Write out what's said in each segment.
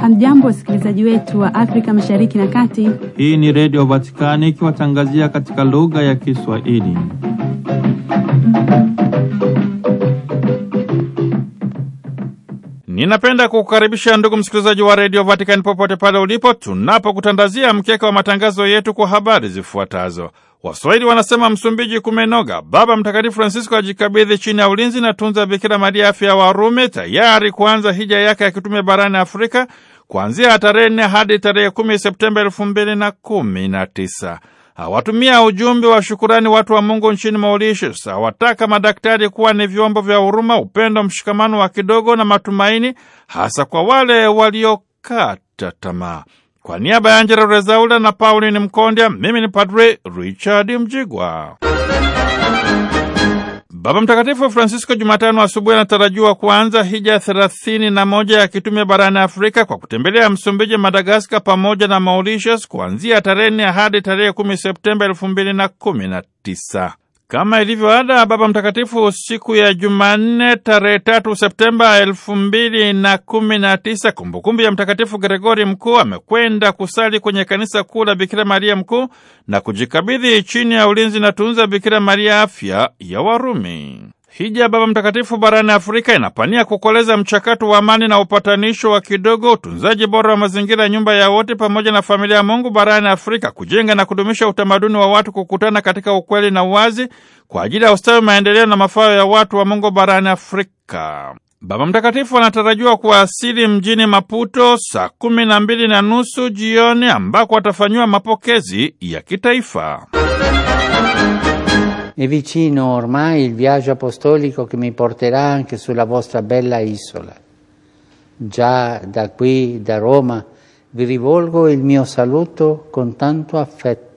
Hamjambo, wasikilizaji wetu wa Afrika Mashariki na Kati. Hii ni Redio Vatikani ikiwatangazia katika lugha ya Kiswahili. Ninapenda kukukaribisha ndugu msikilizaji wa redio Vatikani popote pale ulipo, tunapokutandazia mkeka wa matangazo yetu kwa habari zifuatazo. Waswahili wanasema Msumbiji kumenoga. Baba Mtakatifu Francisco ajikabidhi chini ya ulinzi na tunza Bikira Maria afya ya Warume, tayari kuanza hija yake ya kitume barani Afrika kuanzia tarehe nne hadi tarehe kumi Septemba elfu mbili na kumi na tisa. Hawatumia ujumbe wa shukurani watu wa Mungu nchini Mauritius. Hawataka madaktari kuwa ni vyombo vya huruma, upendo, mshikamano wa kidogo na matumaini, hasa kwa wale waliokata tamaa. Kwa niaba ya Angela Rezaula na Pauline Mkondya, mimi ni Padre Richard Mjigwa. Baba Mtakatifu Francisco Jumatano asubuhi anatarajiwa kuanza hija thelathini na moja ya kitume barani Afrika kwa kutembelea Msumbiji, Madagaskar pamoja na Mauritius kuanzia tarehe nne hadi tarehe kumi Septemba elfu mbili na kumi na tisa. Kama ilivyo ada, Baba Mtakatifu siku ya Jumanne tarehe tatu Septemba elfu mbili na kumi na tisa kumbukumbu ya Mtakatifu Gregori Mkuu amekwenda kusali kwenye kanisa kuu la Bikira Maria Mkuu na kujikabidhi chini ya ulinzi na tunza Bikira Maria afya ya Warumi. Hija Baba Mtakatifu barani Afrika inapania kukoleza mchakato wa amani na upatanisho wa kidogo, utunzaji bora wa mazingira, nyumba ya wote pamoja na familia ya Mungu barani Afrika, kujenga na kudumisha utamaduni wa watu kukutana katika ukweli na uwazi kwa ajili ya ustawi, maendeleo na mafao ya watu wa Mungu barani Afrika. Baba Mtakatifu anatarajiwa kuwasili mjini Maputo saa kumi na mbili na nusu jioni ambako atafanyiwa mapokezi ya kitaifa. È vicino ormai il viaggio apostolico che mi porterà anche sulla vostra bella isola. Già da qui, da Roma, vi rivolgo il mio saluto con tanto affetto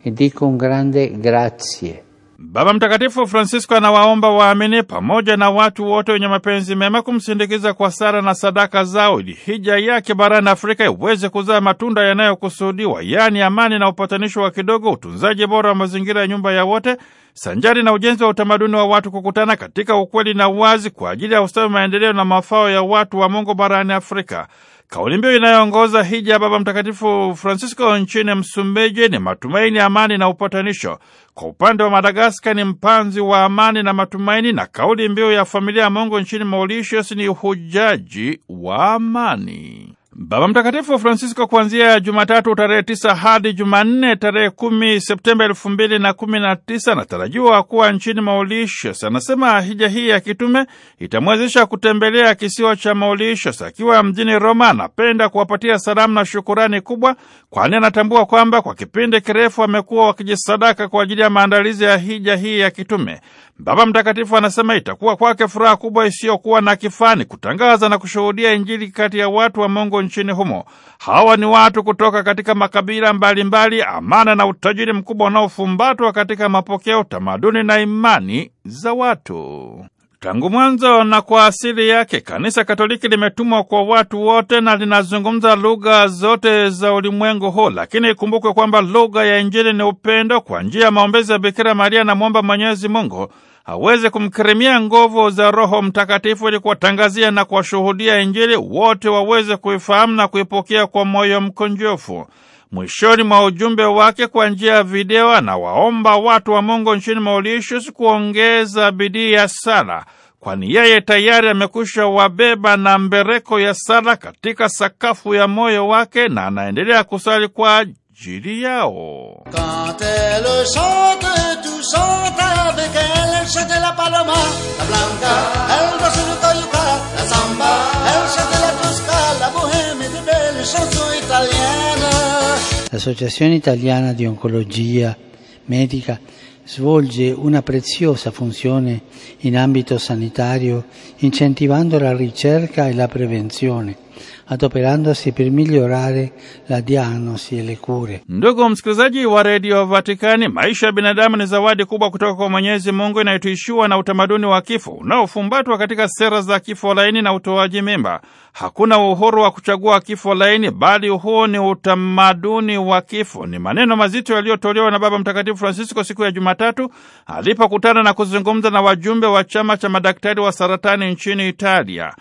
e dico un grande grazie. Baba Mtakatifu Francisco anawaomba waamini pamoja na watu wote wenye mapenzi mema kumsindikiza kwa sala na sadaka zao ili hija yake barani Afrika iweze kuzaa matunda yanayokusudiwa, yaani amani na upatanisho wa kidogo, utunzaji bora wa mazingira ya nyumba ya wote, sanjari na ujenzi wa utamaduni wa watu kukutana katika ukweli na uwazi kwa ajili ya ustawi, maendeleo na mafao ya watu wa Mungu barani Afrika. Kauli mbiu inayoongoza hija ya Baba Mtakatifu Francisco nchini Msumbiji ni matumaini, amani na upatanisho. Kwa upande wa Madagaska ni mpanzi wa amani na matumaini, na kauli mbiu ya familia ya Mungu nchini Mauritius ni uhujaji wa amani. Baba Mtakatifu Francisco kuanzia Jumatatu tarehe tisa hadi Jumanne tarehe kumi Septemba elfu mbili na kumi na tisa anatarajiwa kuwa nchini Mauritius. Anasema hija hii ya kitume itamwezesha kutembelea kisiwa cha Mauritius. Akiwa mjini Roma, anapenda kuwapatia salamu na shukurani kubwa, kwani anatambua kwamba kwa kipindi kirefu wamekuwa wakijisadaka kwa ajili ya maandalizi ya hija hii ya kitume. Baba Mtakatifu anasema itakuwa kwake furaha kubwa isiyokuwa na kifani kutangaza na kushuhudia Injili kati ya watu wa Mungu nchini humo. Hawa ni watu kutoka katika makabila mbalimbali, amana na utajiri mkubwa unaofumbatwa katika mapokeo, tamaduni na imani za watu. Tangu mwanzo na kwa asili yake, Kanisa Katoliki limetumwa kwa watu wote na linazungumza lugha zote za ulimwengu huu, lakini ikumbukwe kwamba lugha ya Injili ni upendo. Kwa njia ya maombezi ya Bikira Maria na mwomba Mwenyezi Mungu aweze kumkirimia nguvu za Roho Mtakatifu ili kuwatangazia na kuwashuhudia Injili, wote waweze kuifahamu na kuipokea kwa moyo mkunjufu. Mwishoni mwa ujumbe wake kwa njia ya video, anawaomba watu wa Mungu nchini Mauritius kuongeza bidii ya sala, kwani yeye tayari amekwisha wabeba na mbereko ya sala katika sakafu ya moyo wake na anaendelea kusali kwa ajili yao. L'Associazione Italiana di Oncologia Medica svolge una preziosa funzione in ambito sanitario incentivando la ricerca e la prevenzione adoperandosi per migliorare la diagnosi e le cure. Ndugu msikilizaji wa redio Vatikani, maisha ya binadamu ni zawadi kubwa kutoka kwa Mwenyezi Mungu inayotuishiwa na utamaduni wa kifo unaofumbatwa katika sera za kifo laini na utoaji mimba. Hakuna uhuru wa kuchagua kifo laini, bali huo ni utamaduni wa kifo. Ni maneno mazito yaliyotolewa na Baba Mtakatifu Francisco siku ya Jumatatu alipokutana na kuzungumza na wajumbe wa chama cha madaktari wa saratani nchini Italia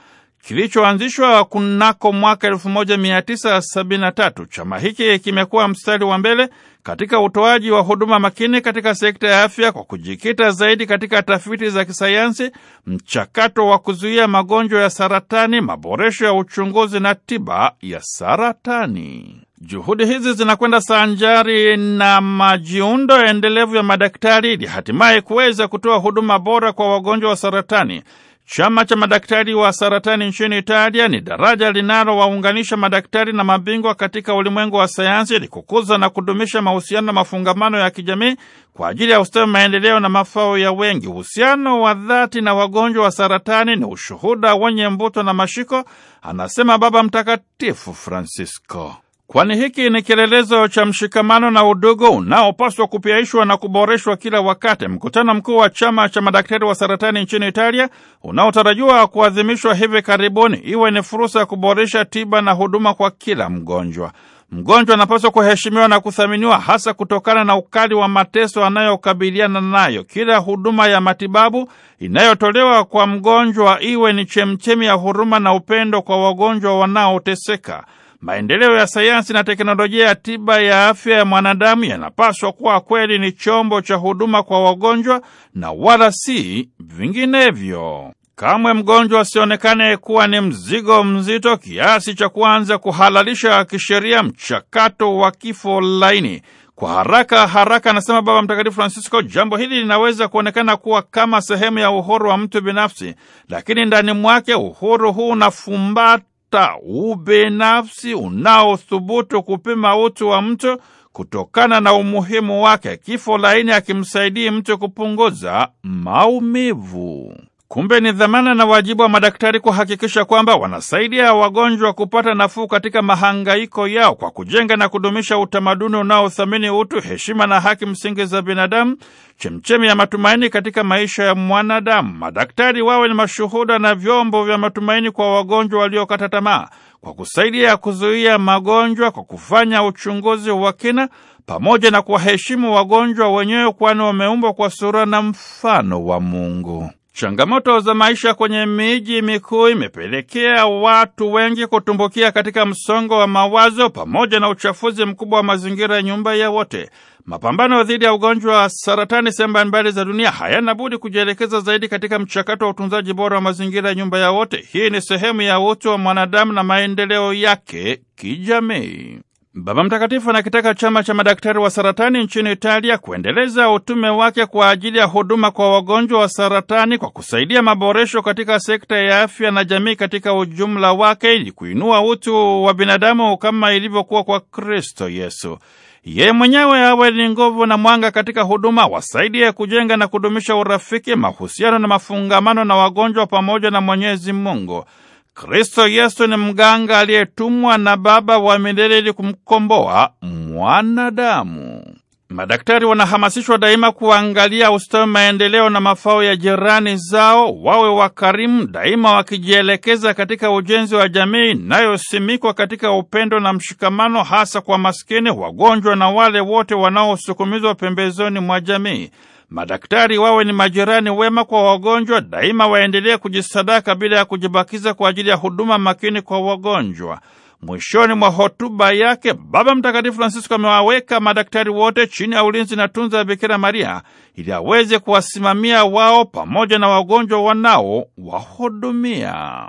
kilichoanzishwa kunako mwaka 1973. Chama hiki kimekuwa mstari wa mbele katika utoaji wa huduma makini katika sekta ya afya kwa kujikita zaidi katika tafiti za kisayansi, mchakato wa kuzuia magonjwa ya saratani, maboresho ya uchunguzi na tiba ya saratani. Juhudi hizi zinakwenda sanjari na majiundo endelevu ya madaktari ili hatimaye kuweza kutoa huduma bora kwa wagonjwa wa saratani. Chama cha madaktari wa saratani nchini Italia ni daraja linalowaunganisha madaktari na mabingwa katika ulimwengu wa sayansi ili kukuza na kudumisha mahusiano na mafungamano ya kijamii kwa ajili ya ustawi, maendeleo na mafao ya wengi. Uhusiano wa dhati na wagonjwa wa saratani ni ushuhuda wenye mvuto na mashiko, anasema Baba Mtakatifu Francisco kwani hiki ni kielelezo cha mshikamano na udugu unaopaswa kupiaishwa na kuboreshwa kila wakati. Mkutano mkuu wa chama cha madaktari wa saratani nchini Italia unaotarajiwa kuadhimishwa hivi karibuni, iwe ni fursa ya kuboresha tiba na huduma kwa kila mgonjwa. Mgonjwa anapaswa kuheshimiwa na kuthaminiwa hasa kutokana na ukali wa mateso anayokabiliana nayo. Kila huduma ya matibabu inayotolewa kwa mgonjwa iwe ni chemchemi ya huruma na upendo kwa wagonjwa wanaoteseka. Maendeleo ya sayansi na teknolojia ya tiba ya afya ya mwanadamu yanapaswa kuwa kweli ni chombo cha huduma kwa wagonjwa na wala si vinginevyo. Kamwe mgonjwa asionekane kuwa ni mzigo mzito kiasi cha kuanza kuhalalisha kisheria mchakato wa kifo laini. Kwa haraka haraka, anasema Baba Mtakatifu Francisco, jambo hili linaweza kuonekana kuwa kama sehemu ya uhuru wa mtu binafsi, lakini ndani mwake uhuru huu unafumbata kutafuta ubinafsi unaothubutu kupima utu wa mtu kutokana na umuhimu wake. Kifo laini akimsaidii mtu kupunguza maumivu. Kumbe ni dhamana na wajibu wa madaktari kuhakikisha kwamba wanasaidia wagonjwa kupata nafuu katika mahangaiko yao kwa kujenga na kudumisha utamaduni unaothamini utu, heshima na haki msingi za binadamu, chemchemi ya matumaini katika maisha ya mwanadamu. Madaktari wawe ni mashuhuda na vyombo vya matumaini kwa wagonjwa waliokata tamaa, kwa kusaidia kuzuia magonjwa kwa kufanya uchunguzi wa kina, pamoja na kuwaheshimu wagonjwa wenyewe, kwani wameumbwa kwa sura na mfano wa Mungu. Changamoto za maisha kwenye miji mikuu imepelekea watu wengi kutumbukia katika msongo wa mawazo pamoja na uchafuzi mkubwa wa mazingira ya nyumba ya wote. Mapambano dhidi ya ugonjwa wa saratani sehemu mbalimbali za dunia hayana budi kujielekeza zaidi katika mchakato wa utunzaji bora wa mazingira ya nyumba ya wote. Hii ni sehemu ya utu wa mwanadamu na maendeleo yake kijamii. Baba Mtakatifu anakitaka chama cha madaktari wa saratani nchini Italia kuendeleza utume wake kwa ajili ya huduma kwa wagonjwa wa saratani kwa kusaidia maboresho katika sekta ya afya na jamii katika ujumla wake ili kuinua utu wa binadamu kama ilivyokuwa kwa Kristo Yesu. Yeye mwenyewe awe ni nguvu na mwanga katika huduma, wasaidie kujenga na kudumisha urafiki, mahusiano na mafungamano na wagonjwa pamoja na Mwenyezi Mungu. Kristo Yesu ni mganga aliyetumwa na Baba wa milele ili kumkomboa mwanadamu. Madaktari wanahamasishwa daima kuangalia ustawi, maendeleo na mafao ya jirani zao, wawe wakarimu daima, wakijielekeza katika ujenzi wa jamii inayosimikwa katika upendo na mshikamano, hasa kwa maskini, wagonjwa na wale wote wanaosukumizwa pembezoni mwa jamii. Madaktari wawe ni majirani wema kwa wagonjwa daima, waendelee kujisadaka bila ya kujibakiza kwa ajili ya huduma makini kwa wagonjwa. Mwishoni mwa hotuba yake, Baba Mtakatifu Francisco amewaweka madaktari wote chini ya ulinzi na tunza ya Bikira Maria ili aweze kuwasimamia wao pamoja na wagonjwa wanao wahudumia.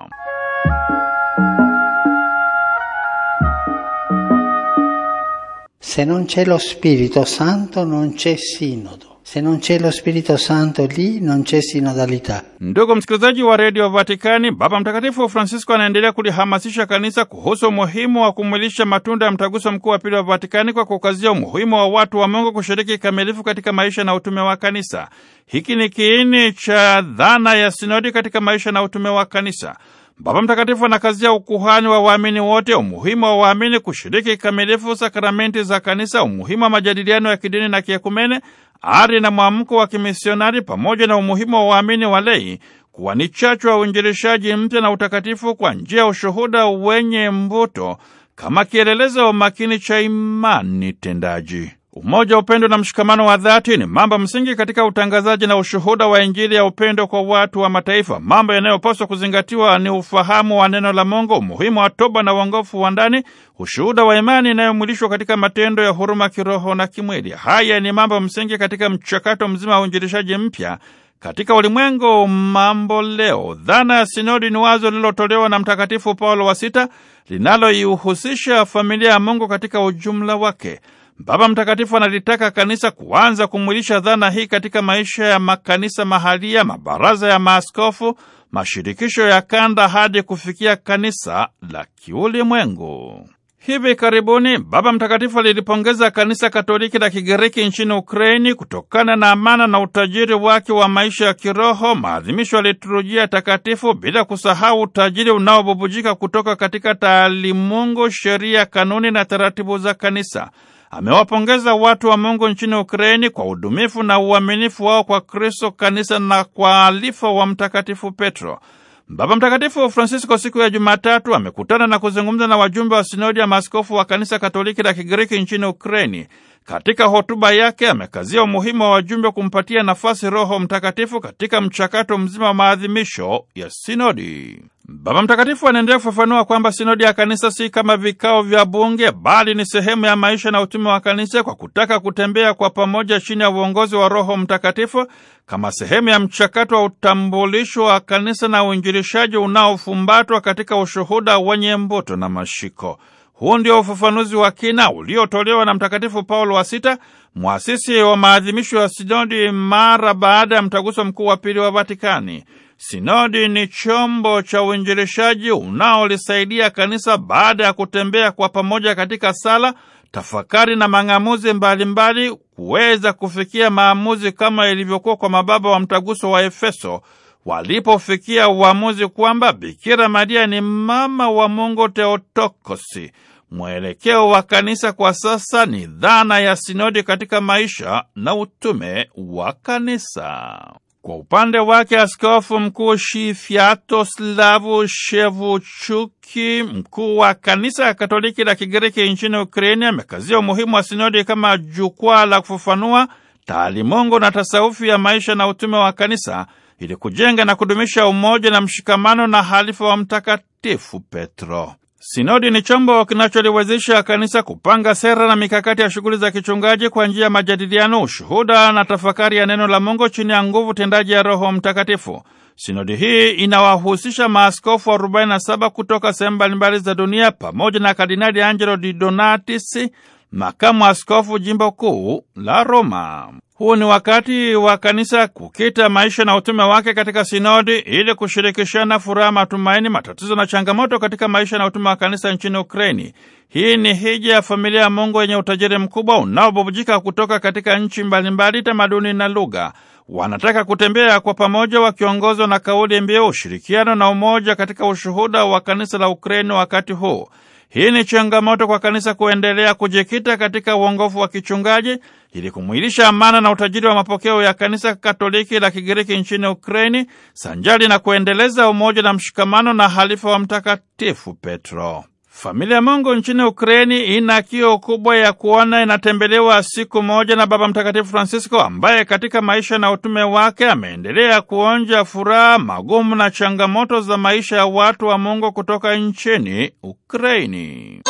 Se non c'è lo Spirito Santo non c'è sinodo Se non c'è lo Spirito Santo lì non c'è sinodalità. Ndugu msikilizaji wa redio Vatikani, Baba Mtakatifu Francisco anaendelea kulihamasisha kanisa kuhusu umuhimu wa kumwilisha matunda ya mtaguso mkuu wa pili wa Vatikani kwa kukazia umuhimu wa watu wa Mungu kushiriki kikamilifu katika maisha na utume wa kanisa. Hiki ni kiini cha dhana ya sinodi katika maisha na utume wa kanisa. Baba Mtakatifu anakazia ukuhani wa waamini wote, umuhimu wa waamini kushiriki kikamilifu sakramenti za kanisa, umuhimu wa majadiliano ya kidini na kiekumene, ari na mwamko wa kimisionari, pamoja na umuhimu wa waamini walei kuwa ni chachu ya uinjilishaji mpya na utakatifu kwa njia ya ushuhuda wenye mvuto kama kielelezo makini cha imani tendaji. Umoja, upendo na mshikamano wa dhati ni mambo msingi katika utangazaji na ushuhuda wa Injili ya upendo kwa watu wa mataifa. Mambo yanayopaswa kuzingatiwa ni ufahamu wa neno la Mungu, umuhimu wa toba na uongofu wa ndani, ushuhuda wa imani inayomwilishwa katika matendo ya huruma kiroho na kimwili. Haya ni mambo msingi katika mchakato mzima wa uinjilishaji mpya katika ulimwengu mambo leo, dhana ya sinodi ni wazo lililotolewa na Mtakatifu Paulo wa Sita linaloihusisha familia ya Mungu katika ujumla wake. Baba Mtakatifu analitaka kanisa kuanza kumwilisha dhana hii katika maisha ya makanisa mahalia, mabaraza ya maaskofu, mashirikisho ya kanda hadi kufikia kanisa la kiulimwengu. Hivi karibuni Baba Mtakatifu alilipongeza kanisa Katoliki la Kigiriki nchini Ukraini kutokana na amana na utajiri wake wa maisha ya kiroho, maadhimisho ya liturujia takatifu, bila kusahau utajiri unaobubujika kutoka katika taalimungu, sheria, kanuni na taratibu za kanisa. Amewapongeza watu wa Mungu nchini Ukraini kwa udumifu na uaminifu wao kwa Kristo, kanisa na kwa alifa wa Mtakatifu Petro. Baba Mtakatifu Francisco siku ya Jumatatu amekutana na kuzungumza na wajumbe wa sinodi ya maaskofu wa kanisa Katoliki la Kigiriki nchini Ukraini. Katika hotuba yake amekazia umuhimu wa wajumbe kumpatia nafasi Roho Mtakatifu katika mchakato mzima wa maadhimisho ya sinodi. Baba Mtakatifu anaendelea kufafanua kwamba sinodi ya kanisa si kama vikao vya bunge, bali ni sehemu ya maisha na utume wa kanisa, kwa kutaka kutembea kwa pamoja chini ya uongozi wa Roho Mtakatifu kama sehemu ya mchakato wa utambulisho wa kanisa na uinjilishaji unaofumbatwa katika ushuhuda wenye mbuto na mashiko. Huu ndio ufafanuzi wa kina uliotolewa na Mtakatifu Paulo wa Sita, mwasisi wa maadhimisho ya sinodi, mara baada ya mtaguso mkuu wa pili wa Vatikani. Sinodi ni chombo cha uinjilishaji unaolisaidia kanisa baada ya kutembea kwa pamoja katika sala, tafakari na mang'amuzi mbalimbali kuweza kufikia maamuzi kama ilivyokuwa kwa mababa wa mtaguso wa Efeso walipofikia uamuzi kwamba Bikira Maria ni mama wa Mungu Theotokosi. Mwelekeo wa kanisa kwa sasa ni dhana ya sinodi katika maisha na utume wa kanisa. Kwa upande wake askofu mkuu Shifiatoslavu Shevuchuki, mkuu wa kanisa ya Katoliki la Kigiriki nchini Ukraini, amekazia umuhimu wa sinodi kama jukwaa la kufafanua taalimungu na tasawufi ya maisha na utume wa kanisa ili kujenga na kudumisha umoja na mshikamano na halifa wa Mtakatifu Petro. Sinodi ni chombo kinacholiwezesha kanisa kupanga sera na mikakati ya shughuli za kichungaji kwa njia ya majadiliano, ushuhuda na tafakari ya neno la Mungu chini ya nguvu tendaji ya Roho Mtakatifu. Sinodi hii inawahusisha maaskofu 47 kutoka sehemu mbalimbali za dunia pamoja na Kardinali Angelo Di Donatis, makamu askofu jimbo kuu la Roma. Huu ni wakati wa kanisa kukita maisha na utume wake katika sinodi ili kushirikishana furaha, matumaini, matatizo na changamoto katika maisha na utume wa kanisa nchini Ukraini. Hii ni hija ya familia ya Mungu yenye utajiri mkubwa unaobubujika kutoka katika nchi mbalimbali, tamaduni na lugha. Wanataka kutembea kwa pamoja wakiongozwa na kauli mbiu ushirikiano na umoja katika ushuhuda wa kanisa la Ukraini wakati huu. Hii ni changamoto kwa kanisa kuendelea kujikita katika uongofu wa kichungaji ili kumwilisha amana na utajiri wa mapokeo ya kanisa Katoliki la Kigiriki nchini Ukraini, sanjali na kuendeleza umoja na mshikamano na halifa wa Mtakatifu Petro. Familia Mungu nchini Ukraini ina kio kubwa ya kuona inatembelewa siku moja na Baba Mtakatifu Francisco ambaye katika maisha na utume wake ameendelea kuonja furaha, magumu na changamoto za maisha ya watu wa Mungu kutoka nchini Ukraini.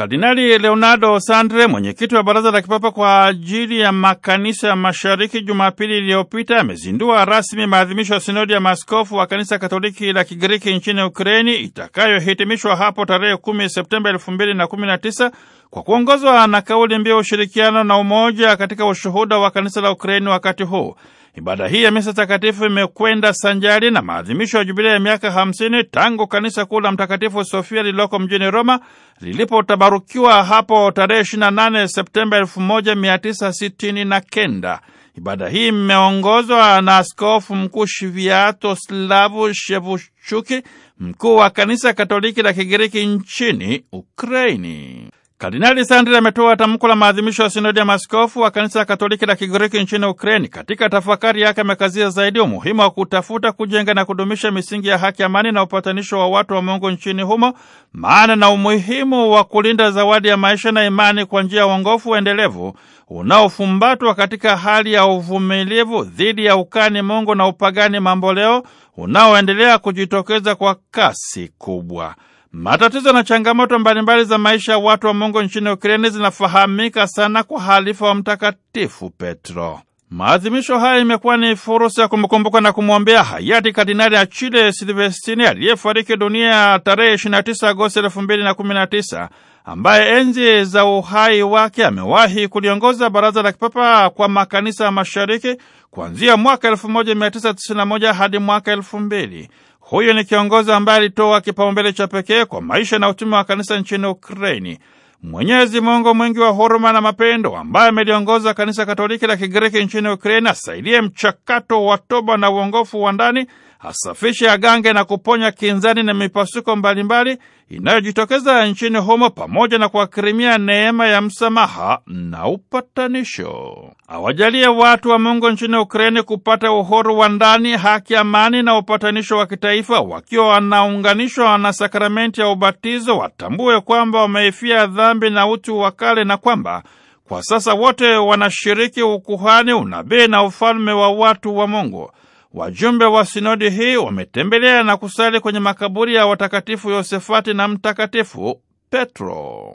Kardinali Leonardo Sandre, mwenyekiti wa Baraza la Kipapa kwa ajili ya Makanisa ya Mashariki, Jumapili iliyopita amezindua rasmi maadhimisho ya Sinodi ya Maaskofu wa Kanisa Katoliki la Kigiriki nchini Ukraini itakayohitimishwa hapo tarehe 10 Septemba 2019 kwa kuongozwa na kauli mbiu ushirikiano na umoja katika ushuhuda wa kanisa la Ukraini wakati huu. Ibada hii ya misa takatifu imekwenda sanjari na maadhimisho ya jubilia ya miaka hamsini tangu kanisa kuu la Mtakatifu Sofia lililoko mjini Roma lilipotabarukiwa hapo tarehe 28 Septemba 1969. Ibada hii imeongozwa na Askofu Mkuu shiviato slavu Shevuchuki, mkuu wa kanisa Katoliki la Kigiriki nchini Ukraini. Kardinali Sandri ametoa tamko la maadhimisho ya sinodi ya maskofu wa kanisa Katoliki la Kigiriki nchini Ukraini. Katika tafakari yake amekazia zaidi umuhimu wa kutafuta, kujenga na kudumisha misingi ya haki, amani na upatanisho wa watu wa Mungu nchini humo, maana na umuhimu wa kulinda zawadi ya maisha na imani kwa njia ya uongofu endelevu unaofumbatwa katika hali ya uvumilivu dhidi ya ukani Mungu na upagani mamboleo unaoendelea kujitokeza kwa kasi kubwa. Matatizo na changamoto mbalimbali za maisha ya watu wa Mungu nchini Ukraini zinafahamika sana kwa halifa wa Mtakatifu Petro. Maadhimisho haya imekuwa ni fursa ya kumkumbuka na kumwombea hayati Kardinali Achille Silvestrini aliyefariki dunia tarehe 29 Agosti 2019, ambaye enzi za uhai wake amewahi kuliongoza Baraza la Kipapa kwa Makanisa ya Mashariki kuanzia mwaka 1991 hadi mwaka 2000. Huyu ni kiongozi ambaye alitoa kipaumbele cha pekee kwa maisha na utume wa kanisa nchini Ukraini. Mwenyezi Mungu mwingi wa huruma na mapendo, ambaye ameliongoza kanisa Katoliki la Kigiriki nchini Ukraini, asaidie mchakato wa toba na uongofu wa ndani, asafishe, agange na kuponya kinzani na mipasuko mbalimbali inayojitokeza nchini humo pamoja na kuwakirimia neema ya msamaha na upatanisho. Awajalie watu wa Mungu nchini Ukraini kupata uhuru wa ndani, haki, amani na upatanisho wa kitaifa. Wakiwa wanaunganishwa na sakramenti ya ubatizo, watambue kwamba wameifia dhambi na utu wa kale na kwamba kwa sasa wote wanashiriki ukuhani, unabii na ufalme wa watu wa Mungu. Wajumbe wa sinodi hii wametembelea na kusali kwenye makaburi ya watakatifu Yosefati na Mtakatifu Petro.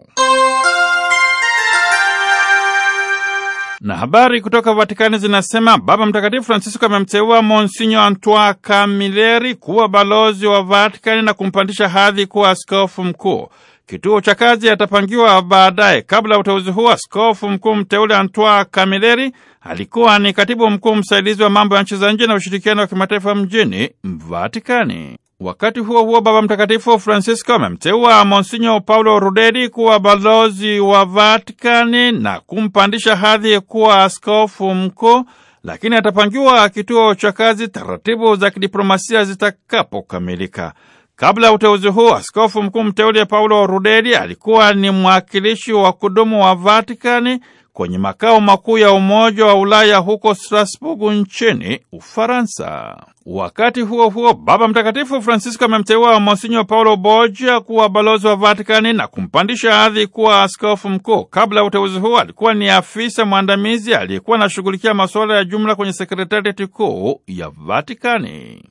Na habari kutoka Vatikani zinasema Baba Mtakatifu Francisco amemteua Monsinyo Antoine Camilleri kuwa balozi wa Vatikani na kumpandisha hadhi kuwa askofu mkuu. Kituo cha kazi atapangiwa baadaye. Kabla ya uteuzi huo, askofu mkuu mteule antoi Kamileri alikuwa ni katibu mkuu msaidizi wa mambo ya nchi za nje na ushirikiano wa kimataifa mjini Vatikani. Wakati huo huo, Baba Mtakatifu Francisco amemteua Monsinyo Paulo Rudedi kuwa balozi wa Vatikani na kumpandisha hadhi kuwa askofu mkuu, lakini atapangiwa kituo cha kazi taratibu za kidiplomasia zitakapokamilika. Kabla ya uteuzi huu, askofu mkuu mteule Paulo Rudeli alikuwa ni mwakilishi wa kudumu wa Vatikani kwenye makao makuu ya Umoja wa Ulaya huko Strasbourg nchini Ufaransa. Wakati huo huo, Baba Mtakatifu Francisco amemteua Monsinyo Paulo Borgia kuwa balozi wa Vatikani na kumpandisha hadhi kuwa askofu mkuu. Kabla ya uteuzi huo, alikuwa ni afisa mwandamizi aliyekuwa anashughulikia masuala ya jumla kwenye sekretarieti kuu ya Vatikani.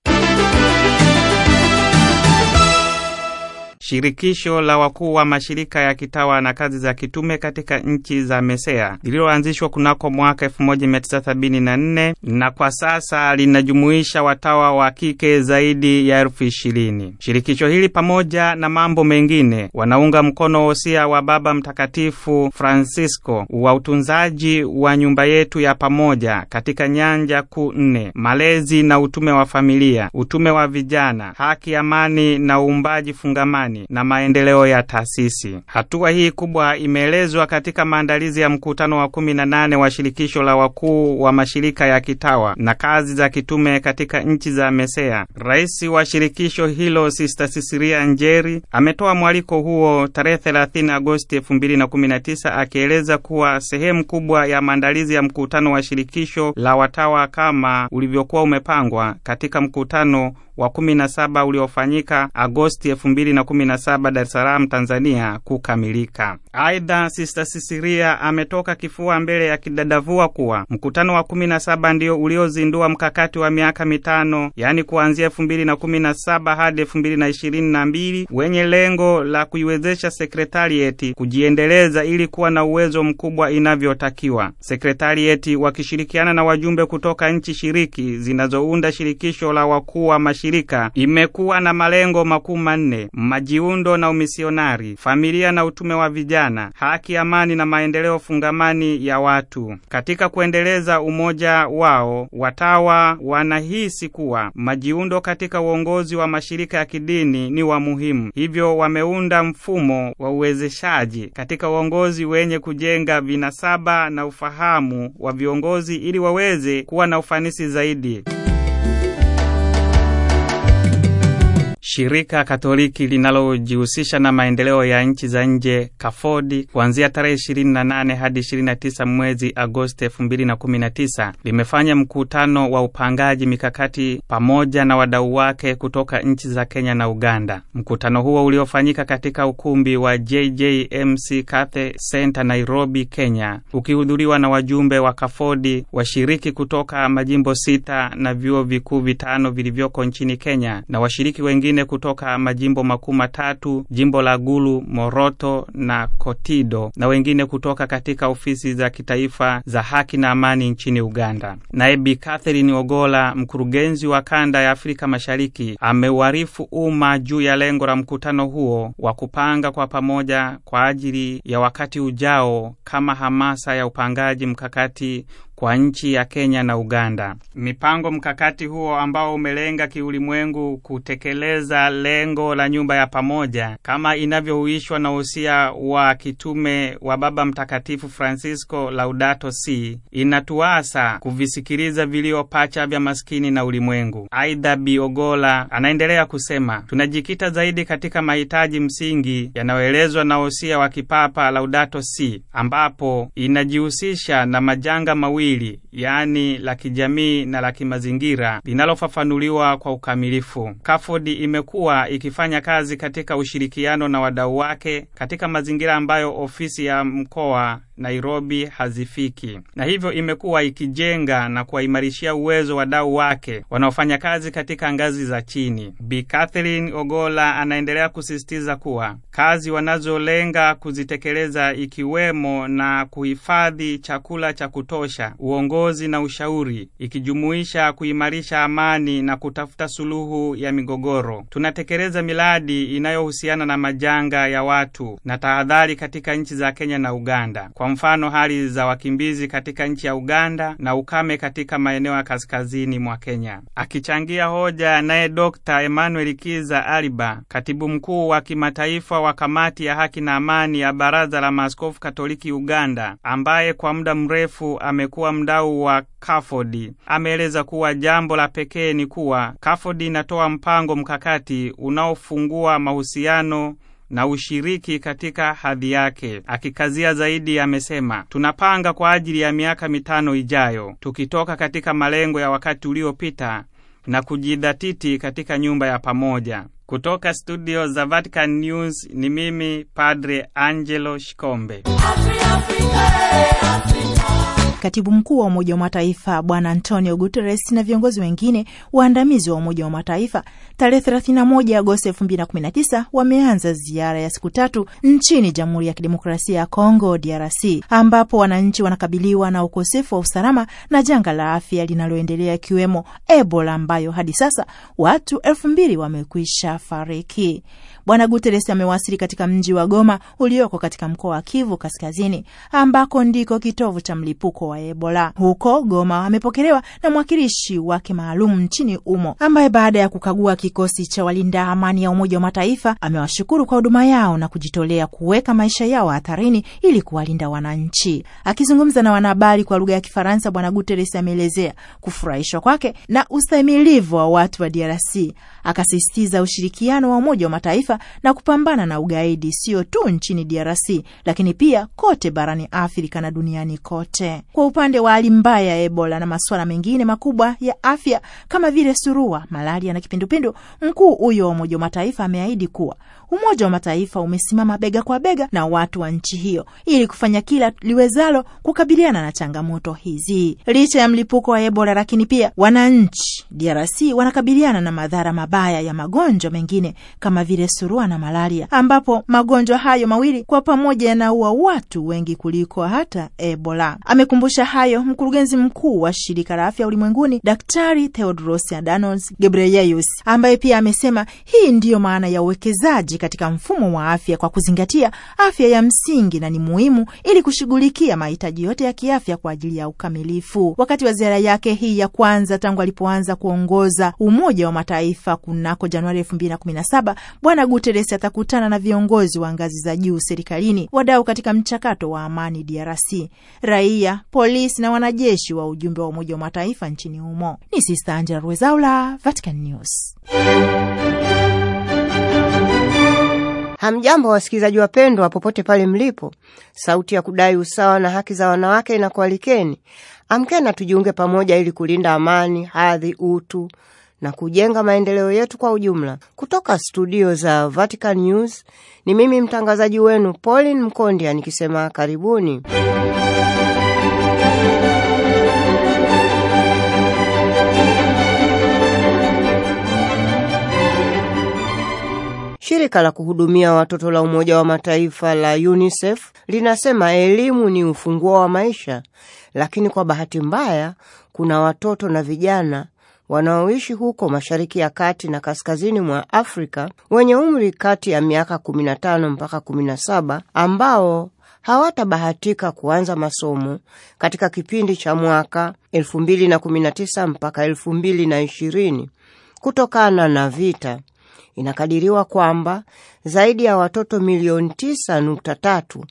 shirikisho la wakuu wa mashirika ya kitawa na kazi za kitume katika nchi za Mesea lililoanzishwa kunako mwaka 1974 na kwa sasa linajumuisha watawa wa kike zaidi ya elfu ishirini. Shirikisho hili pamoja na mambo mengine wanaunga mkono wosia wa Baba Mtakatifu Francisco wa utunzaji wa nyumba yetu ya pamoja katika nyanja kuu nne: malezi na utume wa familia, utume wa vijana, haki, amani na uumbaji fungamani amani na maendeleo ya taasisi. Hatua hii kubwa imeelezwa katika maandalizi ya mkutano wa 18 wa shirikisho la wakuu wa mashirika ya kitawa na kazi za kitume katika nchi za Mesea. Rais wa shirikisho hilo Sista Sisiria Njeri ametoa mwaliko huo tarehe 30 Agosti 2019 akieleza kuwa sehemu kubwa ya maandalizi ya mkutano wa shirikisho la watawa kama ulivyokuwa umepangwa katika mkutano wa 17 uliofanyika Agosti 2017 Dar es Salaam, Tanzania kukamilika. Aidha, Sista Sisiria ametoka kifua mbele ya kidadavua kuwa mkutano wa 17 ndio uliozindua mkakati wa miaka mitano, yaani kuanzia 2017 hadi 2022 wenye lengo la kuiwezesha sekretarieti kujiendeleza ili kuwa na uwezo mkubwa inavyotakiwa. Sekretarieti wakishirikiana na wajumbe kutoka nchi shiriki zinazounda shirikisho la wakuu wa shirika imekuwa na malengo makuu manne: majiundo na umisionari, familia na utume wa vijana, haki, amani na maendeleo fungamani ya watu. Katika kuendeleza umoja wao, watawa wanahisi kuwa majiundo katika uongozi wa mashirika ya kidini ni wa muhimu, hivyo wameunda mfumo wa uwezeshaji katika uongozi wenye kujenga vinasaba na ufahamu wa viongozi ili waweze kuwa na ufanisi zaidi. shirika Katoliki linalojihusisha na maendeleo ya nchi za nje KAFODI kuanzia tarehe 28 hadi 29 mwezi Agosti 2019 limefanya mkutano wa upangaji mikakati pamoja na wadau wake kutoka nchi za Kenya na Uganda. Mkutano huo uliofanyika katika ukumbi wa JJMC Cathe Center, Nairobi, Kenya, ukihudhuriwa na wajumbe wa KAFODI, washiriki kutoka majimbo sita na vyuo vikuu vitano vilivyoko nchini Kenya na washiriki wengine kutoka majimbo makuu matatu, jimbo la Gulu, Moroto na Kotido, na wengine kutoka katika ofisi za kitaifa za haki na amani nchini Uganda. Naye Bi Catherine Ogola, mkurugenzi wa kanda ya Afrika Mashariki, amewarifu umma juu ya lengo la mkutano huo wa kupanga kwa pamoja kwa ajili ya wakati ujao kama hamasa ya upangaji mkakati kwa nchi ya Kenya na Uganda. Mipango mkakati huo ambao umelenga kiulimwengu kutekeleza lengo la nyumba ya pamoja kama inavyohuishwa na usia wa kitume wa Baba Mtakatifu Francisco Laudato Si, inatuasa kuvisikiliza vilio pacha vya maskini na ulimwengu. Aidha, Biogola anaendelea kusema, tunajikita zaidi katika mahitaji msingi yanayoelezwa na usia wa kipapa Laudato Si, ambapo inajihusisha na majanga mawili wili, yaani la kijamii na la kimazingira, linalofafanuliwa kwa ukamilifu. CAFOD imekuwa ikifanya kazi katika ushirikiano na wadau wake katika mazingira ambayo ofisi ya mkoa Nairobi hazifiki, na hivyo imekuwa ikijenga na kuwaimarishia uwezo wadau wake wanaofanya kazi katika ngazi za chini. Bi Catherine Ogola anaendelea kusisitiza kuwa kazi wanazolenga kuzitekeleza ikiwemo na kuhifadhi chakula cha kutosha, uongozi na ushauri, ikijumuisha kuimarisha amani na kutafuta suluhu ya migogoro. Tunatekeleza miradi inayohusiana na majanga ya watu na tahadhari katika nchi za Kenya na Uganda kwa kwa mfano, hali za wakimbizi katika nchi ya Uganda na ukame katika maeneo ya kaskazini mwa Kenya. Akichangia hoja naye Dr. Emmanuel Kiza Aliba, katibu mkuu wa kimataifa wa kamati ya haki na amani ya Baraza la Maaskofu Katoliki Uganda, ambaye kwa muda mrefu amekuwa mdau wa Kafodi, ameeleza kuwa jambo la pekee ni kuwa Kafodi inatoa mpango mkakati unaofungua mahusiano na ushiriki katika hadhi yake. Akikazia zaidi, amesema tunapanga kwa ajili ya miaka mitano ijayo, tukitoka katika malengo ya wakati uliopita na kujidhatiti katika nyumba ya pamoja. Kutoka studio za Vatican News ni mimi Padre Angelo Shikombe Afri, Afrika, Afrika katibu mkuu wa Umoja wa Mataifa Bwana Antonio Guterres na viongozi wengine waandamizi wa Umoja wa Mataifa tarehe 31 Agosti 2019 wameanza ziara ya siku tatu nchini Jamhuri ya Kidemokrasia ya Kongo, DRC, ambapo wananchi wanakabiliwa na ukosefu wa usalama na janga la afya linaloendelea ikiwemo Ebola ambayo hadi sasa watu elfu mbili wamekwisha fariki. Bwana guteres amewasili katika mji wa Goma ulioko katika mkoa wa Kivu Kaskazini, ambako ndiko kitovu cha mlipuko wa Ebola. Huko Goma amepokelewa na mwakilishi wake maalum nchini humo, ambaye baada ya kukagua kikosi cha walinda amani ya Umoja wa Mataifa amewashukuru kwa huduma yao na kujitolea kuweka maisha yao hatarini ili kuwalinda wananchi. Akizungumza na wanahabari kwa lugha ya Kifaransa, Bwana guteres ameelezea kufurahishwa kwake na ustahimilivu wa watu wa DRC, akasisitiza ushirikiano wa Umoja wa Mataifa kimataifa na kupambana na ugaidi sio tu nchini DRC lakini pia kote barani Afrika na duniani kote. Kwa upande wa hali mbaya ya Ebola na masuala mengine makubwa ya afya kama vile surua, malaria na kipindupindu, mkuu huyo wa Umoja wa Mataifa ameahidi kuwa Umoja wa Mataifa umesimama bega kwa bega na watu wa nchi hiyo ili kufanya kila liwezalo kukabiliana na changamoto hizi. Licha ya mlipuko wa Ebola, lakini pia wananchi DRC wanakabiliana na madhara mabaya ya magonjwa mengine kama vile surua na malaria, ambapo magonjwa hayo mawili kwa pamoja yanaua watu wengi kuliko hata Ebola. Amekumbusha hayo mkurugenzi mkuu wa shirika la afya ulimwenguni Daktari Theodros Adhanom Ghebreyesus ambaye pia amesema hii ndiyo maana ya uwekezaji katika mfumo wa afya kwa kuzingatia afya ya msingi na ni muhimu ili kushughulikia mahitaji yote ya kiafya kwa ajili ya ukamilifu. Wakati wa ziara yake hii ya kwanza tangu alipoanza kuongoza Umoja wa Mataifa kunako Januari 2017, Bwana guteres atakutana na viongozi wa ngazi za juu serikalini, wadau katika mchakato wa amani DRC, raia, polisi na wanajeshi wa ujumbe wa Umoja wa Mataifa nchini humo. Ni Sista Angela Rwezaula, Vatican News. Hamjambo, wasikilizaji wapendwa, popote pale mlipo. Sauti ya kudai usawa na haki za wanawake inakualikeni. Amkeni na tujiunge pamoja ili kulinda amani, hadhi, utu na kujenga maendeleo yetu kwa ujumla. Kutoka studio za Vatican News ni mimi mtangazaji wenu Pauline Mkondia nikisema karibuni. Shirika la kuhudumia watoto la Umoja wa Mataifa la UNICEF linasema elimu ni ufunguo wa maisha, lakini kwa bahati mbaya kuna watoto na vijana wanaoishi huko Mashariki ya Kati na kaskazini mwa Afrika wenye umri kati ya miaka 15 mpaka 17 ambao hawatabahatika kuanza masomo katika kipindi cha mwaka 2019 mpaka 2020 kutokana na vita. Inakadiriwa kwamba zaidi ya watoto milioni tisa tatu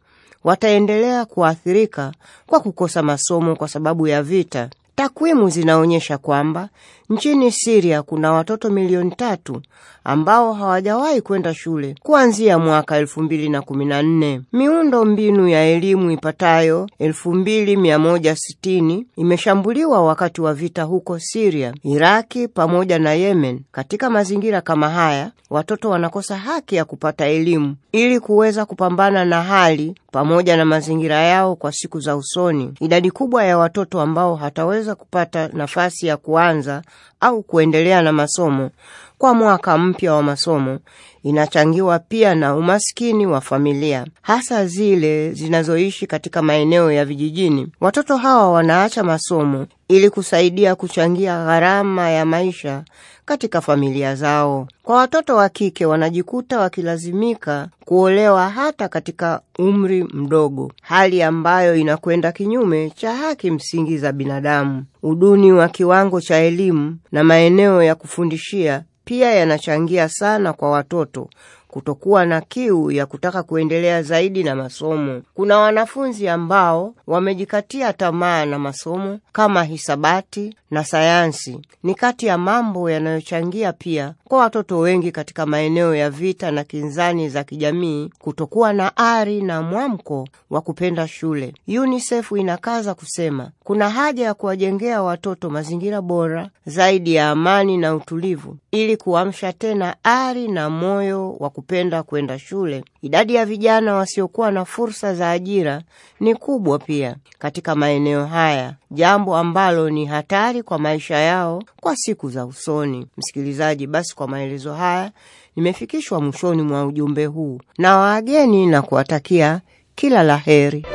wataendelea kuathirika kwa kukosa masomo kwa sababu ya vita Takwimu zinaonyesha kwamba nchini Siria kuna watoto milioni tatu ambao hawajawahi kwenda shule kuanzia mwaka elfu mbili na kumi na nne. Miundo mbinu ya elimu ipatayo elfu mbili mia moja sitini imeshambuliwa wakati wa vita huko Siria, Iraki pamoja na Yemen. Katika mazingira kama haya, watoto wanakosa haki ya kupata elimu ili kuweza kupambana na hali pamoja na mazingira yao kwa siku za usoni. Idadi kubwa ya watoto ambao hataweza wanaweza kupata nafasi ya kuanza au kuendelea na masomo kwa mwaka mpya wa masomo inachangiwa pia na umaskini wa familia, hasa zile zinazoishi katika maeneo ya vijijini. Watoto hawa wanaacha masomo ili kusaidia kuchangia gharama ya maisha katika familia zao. Kwa watoto wa kike wanajikuta wakilazimika kuolewa hata katika umri mdogo, hali ambayo inakwenda kinyume cha haki msingi za binadamu. Uduni wa kiwango cha elimu na maeneo ya kufundishia pia yanachangia sana kwa watoto kutokuwa na kiu ya kutaka kuendelea zaidi na masomo. Kuna wanafunzi ambao wamejikatia tamaa na masomo kama hisabati na sayansi. Ni kati ya mambo yanayochangia pia kwa watoto wengi katika maeneo ya vita na kinzani za kijamii kutokuwa na ari na mwamko wa kupenda shule. UNICEF inakaza kusema kuna haja ya kuwajengea watoto mazingira bora zaidi ya amani na utulivu ili kuamsha tena ari na moyo wa kupenda kwenda shule. Idadi ya vijana wasiokuwa na fursa za ajira ni kubwa pia katika maeneo haya, jambo ambalo ni hatari kwa maisha yao kwa siku za usoni. Msikilizaji, basi kwa maelezo haya nimefikishwa mwishoni mwa ujumbe huu, na waageni na kuwatakia kila la heri.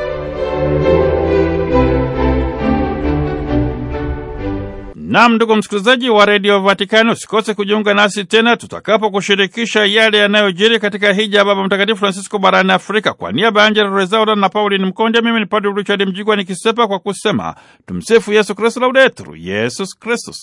Nam, ndugu msikilizaji wa redio Vatikani, usikose kujiunga nasi tena tutakapo kushirikisha yale yanayojiri katika hija ya Baba Mtakatifu Francisco barani Afrika. Kwa niaba ya Angela Rezaura na Paulin Mkonde, mimi ni Padre Richard Mjigwa nikisepa kwa kusema tumsifu Yesu Kristu, laudetur Yesus Kristus.